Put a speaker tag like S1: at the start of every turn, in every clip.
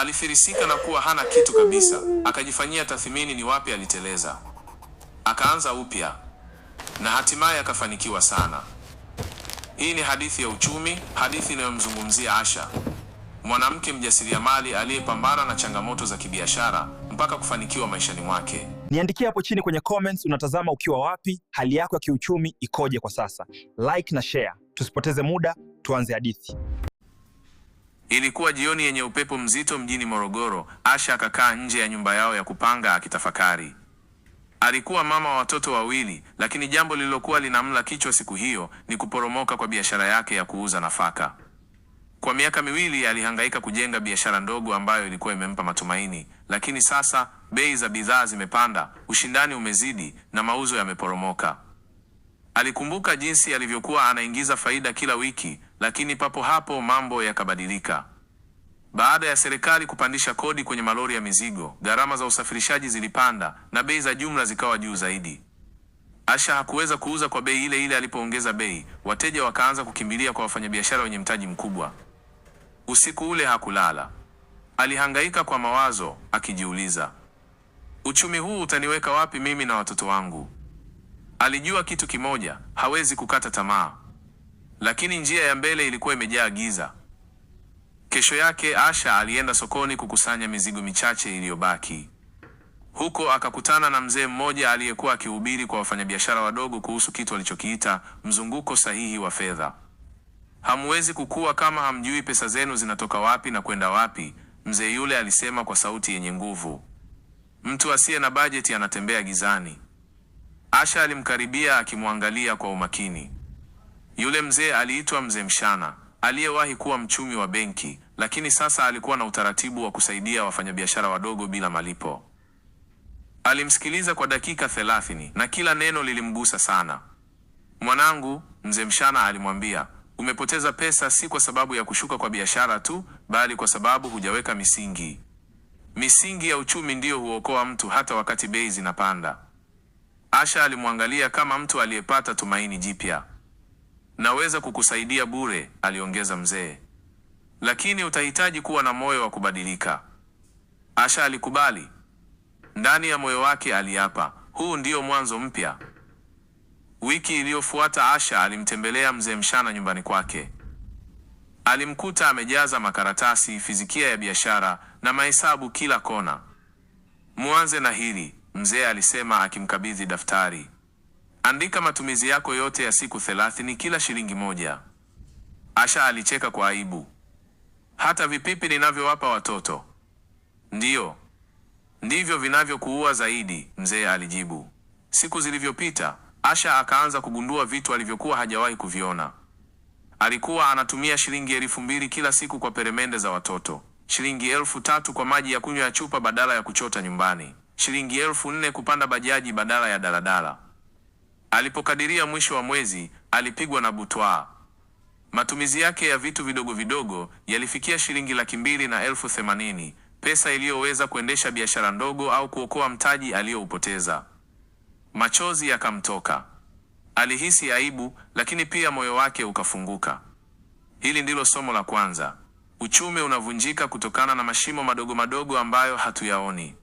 S1: Alifirisika na kuwa hana kitu kabisa, akajifanyia tathmini ni wapi aliteleza, akaanza upya na hatimaye akafanikiwa sana. Hii ni hadithi ya uchumi, hadithi inayomzungumzia Asha, mwanamke mjasiriamali aliyepambana na changamoto za kibiashara mpaka kufanikiwa maishani mwake.
S2: Niandikie hapo chini kwenye comments, unatazama ukiwa wapi? Hali yako ya kiuchumi ikoje kwa sasa? Like na share, tusipoteze muda, tuanze hadithi.
S1: Ilikuwa jioni yenye upepo mzito mjini Morogoro. Asha akakaa nje ya nyumba yao ya kupanga akitafakari. Alikuwa mama wa watoto wawili, lakini jambo lililokuwa linamla kichwa siku hiyo ni kuporomoka kwa biashara yake ya kuuza nafaka. Kwa miaka miwili alihangaika kujenga biashara ndogo ambayo ilikuwa imempa matumaini, lakini sasa bei za bidhaa zimepanda, ushindani umezidi na mauzo yameporomoka. Alikumbuka jinsi alivyokuwa anaingiza faida kila wiki, lakini papo hapo mambo yakabadilika. Baada ya serikali kupandisha kodi kwenye malori ya mizigo, gharama za usafirishaji zilipanda na bei za jumla zikawa juu zaidi. Asha hakuweza kuuza kwa bei ile ile. Alipoongeza bei, wateja wakaanza kukimbilia kwa wafanyabiashara wenye mtaji mkubwa. Usiku ule hakulala, alihangaika kwa mawazo, akijiuliza uchumi huu utaniweka wapi mimi na watoto wangu? Alijua kitu kimoja, hawezi kukata tamaa. Lakini njia ya mbele ilikuwa imejaa giza. Kesho yake Asha alienda sokoni kukusanya mizigo michache iliyobaki. Huko akakutana na mzee mmoja aliyekuwa akihubiri kwa wafanyabiashara wadogo kuhusu kitu alichokiita mzunguko sahihi wa fedha. Hamwezi kukua kama hamjui pesa zenu zinatoka wapi na kwenda wapi, mzee yule alisema kwa sauti yenye nguvu. Mtu asiye na bajeti anatembea gizani. Asha alimkaribia akimwangalia kwa umakini. Yule mzee aliitwa Mzee Mshana, aliyewahi kuwa mchumi wa benki, lakini sasa alikuwa na utaratibu wa kusaidia wafanyabiashara wadogo bila malipo. Alimsikiliza kwa dakika thelathini na kila neno lilimgusa sana. Mwanangu, Mzee Mshana alimwambia, umepoteza pesa si kwa sababu ya kushuka kwa biashara tu, bali kwa sababu hujaweka misingi. Misingi ya uchumi ndiyo huokoa mtu hata wakati bei zinapanda. Asha alimwangalia kama mtu aliyepata tumaini jipya. Naweza kukusaidia bure, aliongeza mzee, lakini utahitaji kuwa na moyo wa kubadilika. Asha alikubali. Ndani ya moyo wake aliapa, huu ndio mwanzo mpya. Wiki iliyofuata Asha alimtembelea mzee Mshana nyumbani kwake. Alimkuta amejaza makaratasi, fizikia ya biashara na mahesabu kila kona. Mwanze na hili, mzee alisema akimkabidhi daftari. Andika matumizi yako yote ya siku thelathini, kila shilingi moja. Asha alicheka kwa aibu. Hata vipipi ninavyowapa watoto ndiyo ndivyo vinavyokuua zaidi, mzee alijibu. Siku zilivyopita, Asha akaanza kugundua vitu alivyokuwa hajawahi kuviona. Alikuwa anatumia shilingi elfu mbili kila siku kwa peremende za watoto, shilingi elfu tatu kwa maji ya kunywa ya chupa badala ya kuchota nyumbani shilingi elfu nne kupanda bajaji badala ya daladala. Alipokadiria mwisho wa mwezi, alipigwa na butwaa. Matumizi yake ya vitu vidogo vidogo yalifikia shilingi laki mbili na elfu themanini, pesa iliyoweza kuendesha biashara ndogo au kuokoa mtaji aliyoupoteza. Machozi yakamtoka. Alihisi aibu, lakini pia moyo wake ukafunguka. Hili ndilo somo la kwanza: uchumi unavunjika kutokana na mashimo madogo madogo ambayo hatuyaoni.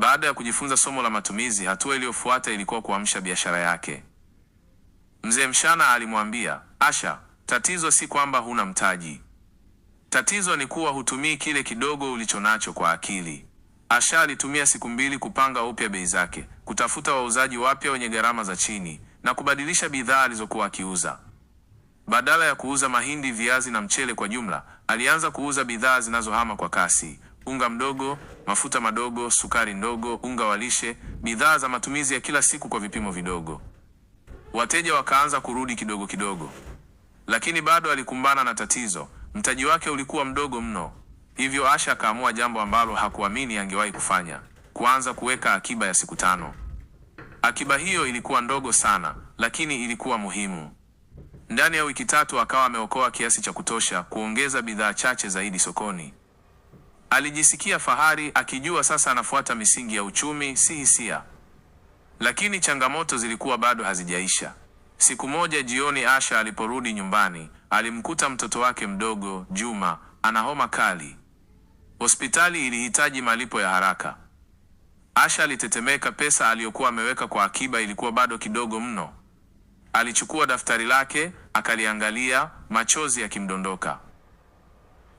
S1: Baada ya kujifunza somo la matumizi, hatua iliyofuata ilikuwa kuamsha biashara yake. Mzee Mshana alimwambia Asha, tatizo si kwamba huna mtaji, tatizo ni kuwa hutumii kile kidogo ulicho nacho kwa akili. Asha alitumia siku mbili kupanga upya bei zake, kutafuta wauzaji wapya wenye gharama za chini na kubadilisha bidhaa alizokuwa akiuza. Badala ya kuuza mahindi, viazi na mchele kwa jumla, alianza kuuza bidhaa zinazohama kwa kasi unga mdogo, mafuta madogo, sukari ndogo, unga wa lishe, bidhaa za matumizi ya kila siku kwa vipimo vidogo. Wateja wakaanza kurudi kidogo kidogo, lakini bado alikumbana na tatizo. Mtaji wake ulikuwa mdogo mno, hivyo Asha akaamua jambo ambalo hakuamini angewahi kufanya: kuanza kuweka akiba ya siku tano. Akiba hiyo ilikuwa ndogo sana, lakini ilikuwa muhimu. Ndani ya wiki tatu akawa ameokoa kiasi cha kutosha kuongeza bidhaa chache zaidi sokoni. Alijisikia fahari akijua sasa anafuata misingi ya uchumi, si hisia. Lakini changamoto zilikuwa bado hazijaisha. Siku moja jioni, Asha aliporudi nyumbani, alimkuta mtoto wake mdogo Juma ana homa kali. Hospitali ilihitaji malipo ya haraka. Asha alitetemeka. Pesa aliyokuwa ameweka kwa akiba ilikuwa bado kidogo mno. Alichukua daftari lake akaliangalia, machozi yakimdondoka.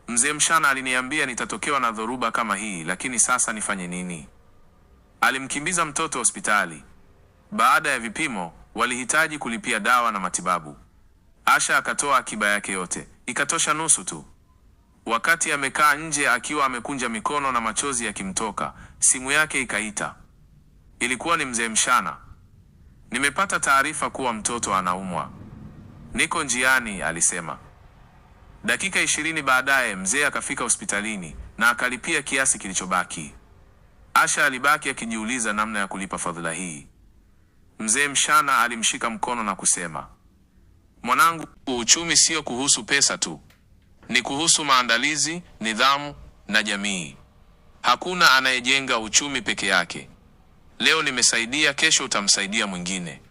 S1: Mzee Mshana aliniambia nitatokewa na dhoruba kama hii, lakini sasa nifanye nini? Alimkimbiza mtoto hospitali. Baada ya vipimo, walihitaji kulipia dawa na matibabu. Asha akatoa akiba yake yote, ikatosha nusu tu. Wakati amekaa nje akiwa amekunja mikono na machozi yakimtoka, simu yake ikaita. Ilikuwa ni mzee Mshana. Nimepata taarifa kuwa mtoto anaumwa, niko njiani, alisema. Dakika ishirini baadaye mzee akafika hospitalini na akalipia kiasi kilichobaki. Asha alibaki akijiuliza namna ya kulipa fadhila hii. Mzee Mshana alimshika mkono na kusema, mwanangu, uchumi sio kuhusu pesa tu, ni kuhusu maandalizi, nidhamu na jamii. Hakuna anayejenga uchumi peke yake. Leo nimesaidia, kesho utamsaidia mwingine.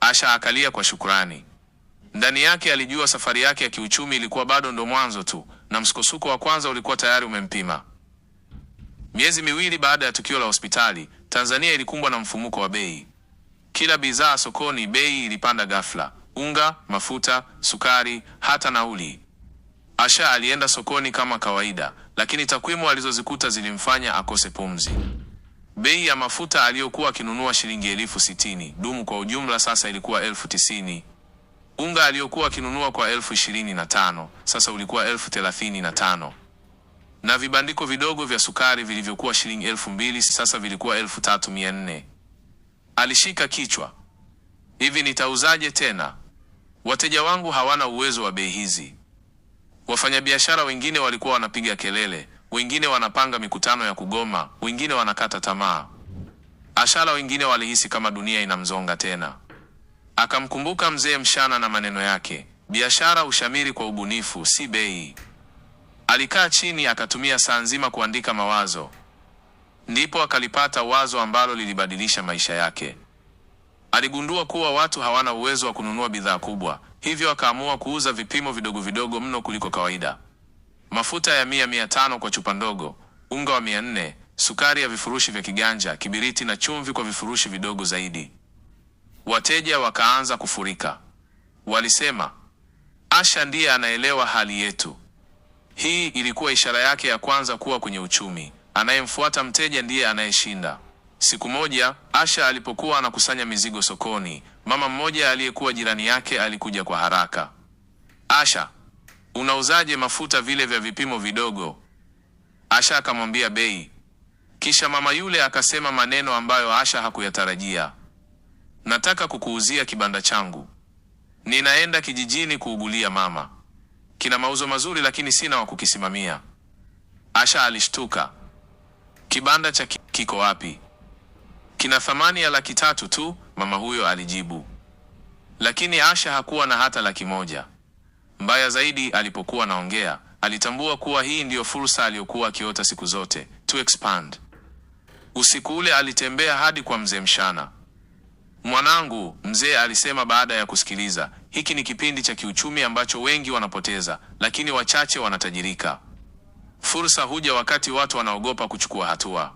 S1: Asha akalia kwa shukrani. Ndani yake alijua safari yake ya kiuchumi ilikuwa bado ndo mwanzo tu, na msukosuko wa kwanza ulikuwa tayari umempima. Miezi miwili baada ya tukio la hospitali, Tanzania ilikumbwa na mfumuko wa bei. Kila bidhaa sokoni bei ilipanda ghafla: unga, mafuta, sukari, hata nauli. Asha alienda sokoni kama kawaida, lakini takwimu alizozikuta zilimfanya akose pumzi. Bei ya mafuta aliyokuwa akinunua shilingi elfu sitini dumu kwa ujumla sasa ilikuwa elfu tisini. Unga aliyokuwa akinunua kwa elfu ishirini na tano sasa ulikuwa elfu thelathini na tano na vibandiko vidogo vya sukari vilivyokuwa shilingi elfu mbili sasa vilikuwa elfu tatu mia nne Alishika kichwa, hivi nitauzaje tena? Wateja wangu hawana uwezo wa bei hizi. Wafanyabiashara wengine walikuwa wanapiga kelele, wengine wanapanga mikutano ya kugoma, wengine wanakata tamaa. Ashara wengine walihisi kama dunia inamzonga tena. Akamkumbuka mzee mshana na maneno yake, biashara ushamiri kwa ubunifu, si bei. Alikaa chini akatumia saa nzima kuandika mawazo, ndipo akalipata wazo ambalo lilibadilisha maisha yake. Aligundua kuwa watu hawana uwezo wa kununua bidhaa kubwa, hivyo akaamua kuuza vipimo vidogo vidogo mno kuliko kawaida: mafuta ya mia mia tano kwa chupa ndogo, unga wa mia nne, sukari ya vifurushi vya kiganja, kibiriti na chumvi kwa vifurushi vidogo zaidi. Wateja wakaanza kufurika. Walisema Asha ndiye anaelewa hali yetu. Hii ilikuwa ishara yake ya kwanza kuwa kwenye uchumi, anayemfuata mteja ndiye anayeshinda. Siku moja Asha alipokuwa anakusanya mizigo sokoni, mama mmoja aliyekuwa jirani yake alikuja kwa haraka. Asha, unauzaje mafuta vile vya vipimo vidogo? Asha akamwambia bei, kisha mama yule akasema maneno ambayo Asha hakuyatarajia. Nataka kukuuzia kibanda changu, ninaenda kijijini kuugulia mama, kina mauzo mazuri, lakini sina wa kukisimamia. Asha alishtuka. Kibanda cha kiko wapi? Kina thamani ya laki tatu tu, mama huyo alijibu. Lakini Asha hakuwa na hata laki moja. Mbaya zaidi, alipokuwa naongea, alitambua kuwa hii ndiyo fursa aliyokuwa akiota siku zote, to expand. Usiku ule alitembea hadi kwa mzee Mshana. Mwanangu, mzee alisema baada ya kusikiliza. Hiki ni kipindi cha kiuchumi ambacho wengi wanapoteza, lakini wachache wanatajirika. Fursa huja wakati watu wanaogopa kuchukua hatua.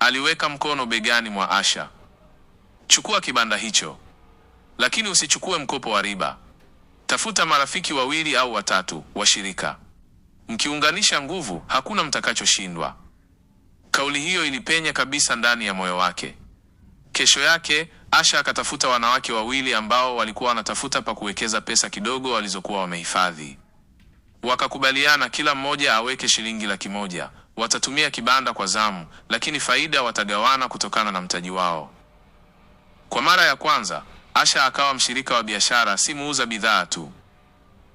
S1: Aliweka mkono begani mwa Asha. Chukua kibanda hicho, lakini usichukue mkopo wa riba. Tafuta marafiki wawili au watatu washirika. Mkiunganisha nguvu, hakuna mtakachoshindwa. Kauli hiyo ilipenya kabisa ndani ya moyo wake. Kesho yake Asha akatafuta wanawake wawili ambao walikuwa wanatafuta pa kuwekeza pesa kidogo walizokuwa wamehifadhi. Wakakubaliana kila mmoja aweke shilingi laki moja. Watatumia kibanda kwa zamu, lakini faida watagawana kutokana na mtaji wao. Kwa mara ya kwanza, Asha akawa mshirika wa biashara, si muuza bidhaa tu.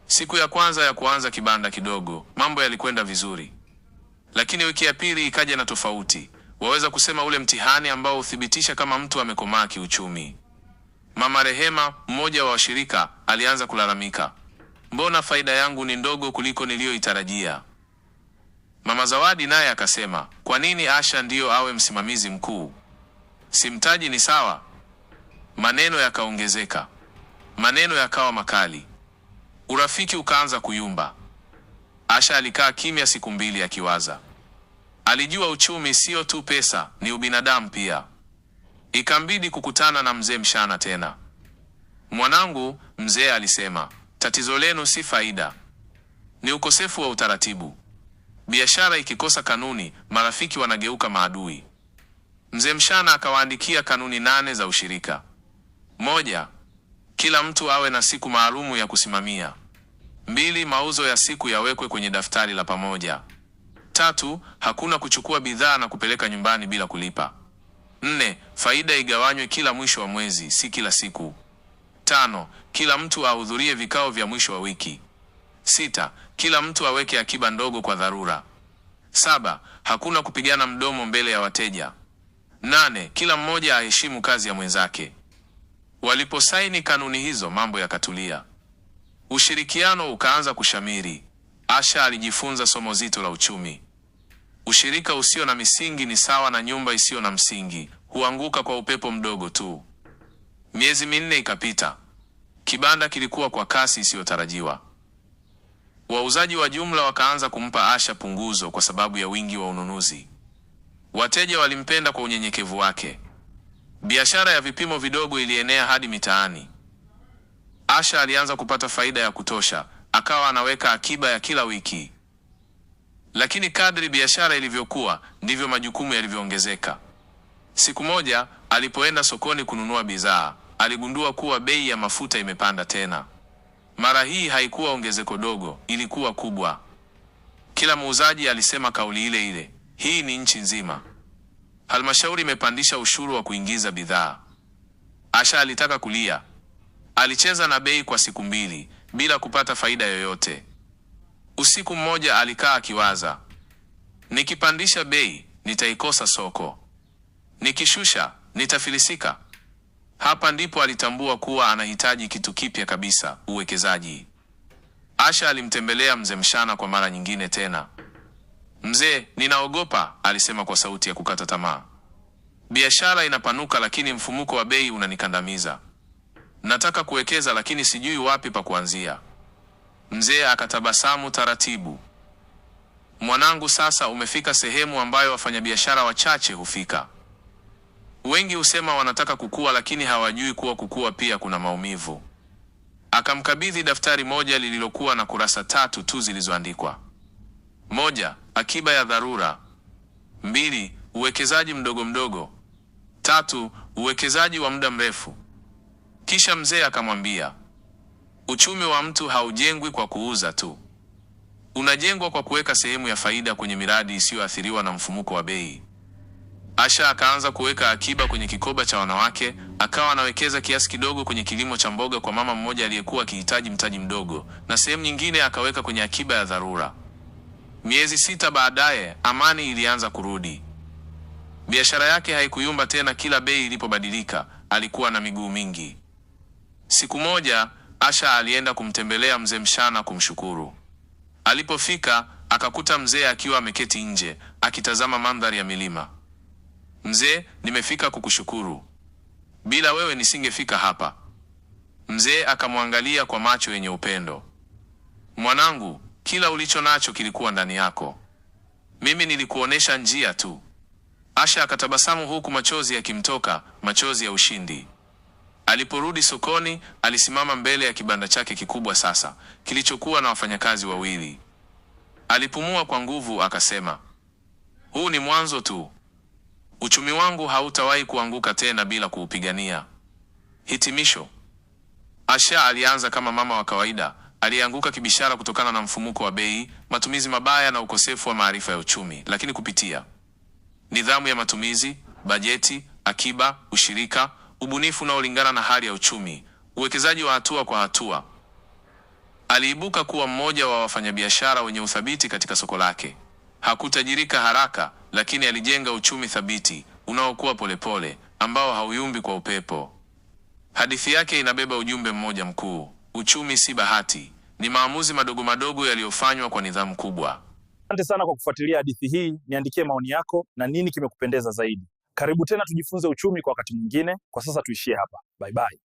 S1: Siku ya kwanza ya kuanza kibanda kidogo, mambo yalikwenda vizuri, lakini wiki ya pili ikaja na tofauti waweza kusema ule mtihani ambao huthibitisha kama mtu amekomaa kiuchumi. Mama Rehema, mmoja wa washirika, alianza kulalamika, mbona faida yangu ni ndogo kuliko niliyoitarajia? Mama Zawadi naye akasema, kwa nini Asha ndiyo awe msimamizi mkuu? Simtaji ni sawa. Maneno yakaongezeka, maneno yakawa makali, urafiki ukaanza kuyumba. Asha alikaa kimya siku mbili akiwaza. Alijua uchumi sio tu pesa, ni ubinadamu pia. Ikambidi kukutana na mzee Mshana tena. Mwanangu, mzee alisema, tatizo lenu si faida, ni ukosefu wa utaratibu. Biashara ikikosa kanuni, marafiki wanageuka maadui. Mzee Mshana akawaandikia kanuni nane za ushirika. Moja, kila mtu awe na siku maalumu ya kusimamia. Mbili, mauzo ya siku yawekwe kwenye daftari la pamoja. Tatu, hakuna kuchukua bidhaa na kupeleka nyumbani bila kulipa. Nne, faida igawanywe kila mwisho wa mwezi, si kila siku. Tano, kila mtu ahudhurie vikao vya mwisho wa wiki. Sita, kila mtu aweke akiba ndogo kwa dharura. Saba, hakuna kupigana mdomo mbele ya wateja. Nane, kila mmoja aheshimu kazi ya mwenzake. Waliposaini kanuni hizo, mambo yakatulia, ushirikiano ukaanza kushamiri. Asha alijifunza somo zito la uchumi. Ushirika usio na misingi ni sawa na nyumba isiyo na msingi, huanguka kwa upepo mdogo tu. Miezi minne ikapita, kibanda kilikuwa kwa kasi isiyotarajiwa. Wauzaji wa jumla wakaanza kumpa Asha punguzo kwa sababu ya wingi wa ununuzi. Wateja walimpenda kwa unyenyekevu wake. Biashara ya vipimo vidogo ilienea hadi mitaani. Asha alianza kupata faida ya kutosha, akawa anaweka akiba ya kila wiki. Lakini kadri biashara ilivyokuwa ndivyo majukumu yalivyoongezeka. Siku moja alipoenda sokoni kununua bidhaa, aligundua kuwa bei ya mafuta imepanda tena. Mara hii haikuwa ongezeko dogo, ilikuwa kubwa. Kila muuzaji alisema kauli ile ile, hii ni nchi nzima. Halmashauri imepandisha ushuru wa kuingiza bidhaa. Asha alitaka kulia. Alicheza na bei kwa siku mbili bila kupata faida yoyote. Usiku mmoja alikaa akiwaza, nikipandisha bei nitaikosa soko, nikishusha nitafilisika. Hapa ndipo alitambua kuwa anahitaji kitu kipya kabisa, uwekezaji. Asha alimtembelea mzee Mshana kwa mara nyingine tena. Mzee, ninaogopa, alisema kwa sauti ya kukata tamaa. Biashara inapanuka, lakini mfumuko wa bei unanikandamiza. Nataka kuwekeza, lakini sijui wapi pa kuanzia. Mzee akatabasamu taratibu. Mwanangu, sasa umefika sehemu ambayo wafanyabiashara wachache hufika. Wengi husema wanataka kukua, lakini hawajui kuwa kukua pia kuna maumivu. Akamkabidhi daftari moja lililokuwa na kurasa tatu tu zilizoandikwa: moja, akiba ya dharura; mbili, uwekezaji mdogo mdogo; tatu, uwekezaji wa muda mrefu. Kisha mzee akamwambia Uchumi wa mtu haujengwi kwa kuuza tu, unajengwa kwa kuweka sehemu ya faida kwenye miradi isiyoathiriwa na mfumuko wa bei. Asha akaanza kuweka akiba kwenye kikoba cha wanawake, akawa anawekeza kiasi kidogo kwenye kilimo cha mboga kwa mama mmoja aliyekuwa akihitaji mtaji mdogo, na sehemu nyingine akaweka kwenye akiba ya dharura. Miezi sita baadaye, amani ilianza kurudi. Biashara yake haikuyumba tena. Kila bei ilipobadilika, alikuwa na miguu mingi. Siku moja Asha alienda kumtembelea mzee Mshana kumshukuru. Alipofika akakuta mzee akiwa ameketi nje akitazama mandhari ya milima. Mzee, nimefika kukushukuru, bila wewe nisingefika hapa. Mzee akamwangalia kwa macho yenye upendo. Mwanangu, kila ulicho nacho kilikuwa ndani yako, mimi nilikuonesha njia tu. Asha akatabasamu huku machozi yakimtoka, machozi ya ushindi. Aliporudi sokoni, alisimama mbele ya kibanda chake kikubwa sasa, kilichokuwa na wafanyakazi wawili. Alipumua kwa nguvu akasema, huu ni mwanzo tu. Uchumi wangu hautawahi kuanguka tena bila kuupigania. Hitimisho. Asha alianza kama mama wa kawaida aliyeanguka kibishara kutokana na mfumuko wa bei, matumizi mabaya na ukosefu wa maarifa ya uchumi, lakini kupitia nidhamu ya matumizi, bajeti, akiba, ushirika ubunifu unaolingana na hali ya uchumi, uwekezaji wa hatua kwa hatua. Aliibuka kuwa mmoja wa wafanyabiashara wenye uthabiti katika soko lake. Hakutajirika haraka, lakini alijenga uchumi thabiti unaokuwa polepole, ambao hauyumbi kwa upepo. Hadithi yake inabeba ujumbe mmoja mkuu: uchumi si bahati, ni maamuzi madogo madogo yaliyofanywa kwa nidhamu kubwa.
S2: Asante sana kwa kufuatilia hadithi hii. Niandikie maoni yako na nini kimekupendeza zaidi. Karibu tena tujifunze uchumi kwa wakati mwingine. Kwa sasa tuishie hapa. Bye bye.